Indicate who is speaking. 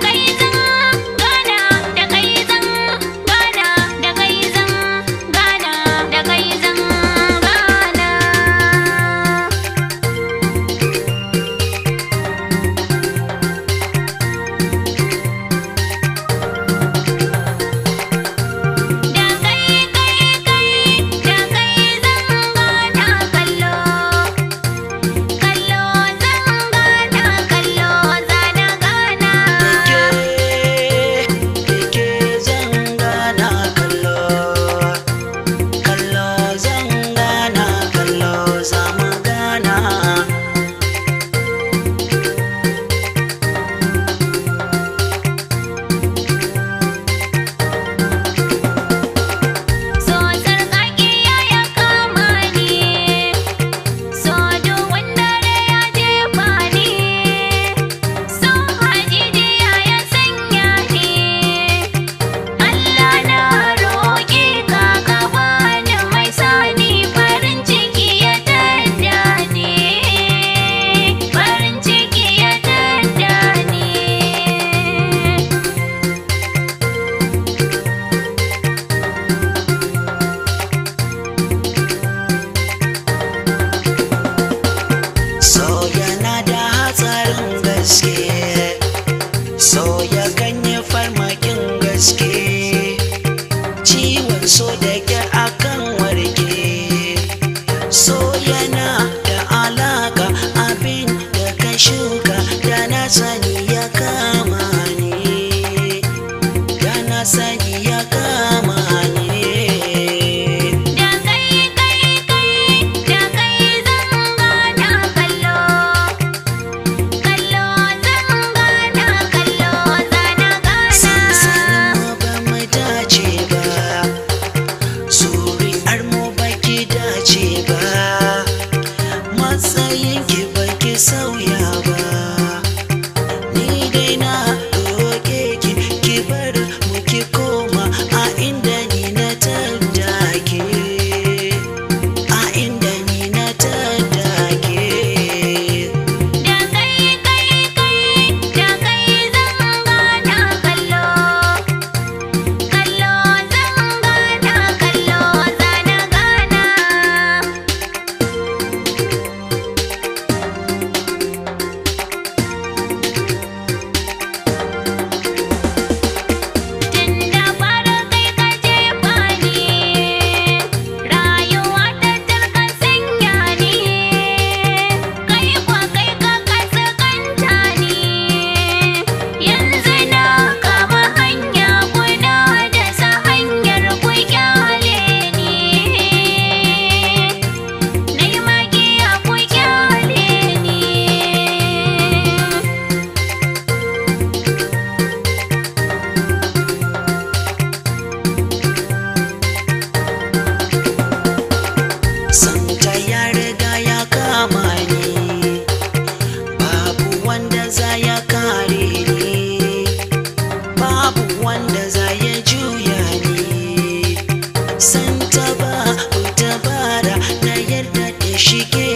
Speaker 1: ¡Gracias!
Speaker 2: scared. sauya ba ni dai na roƙe ki ki bar mu ki ko she gave.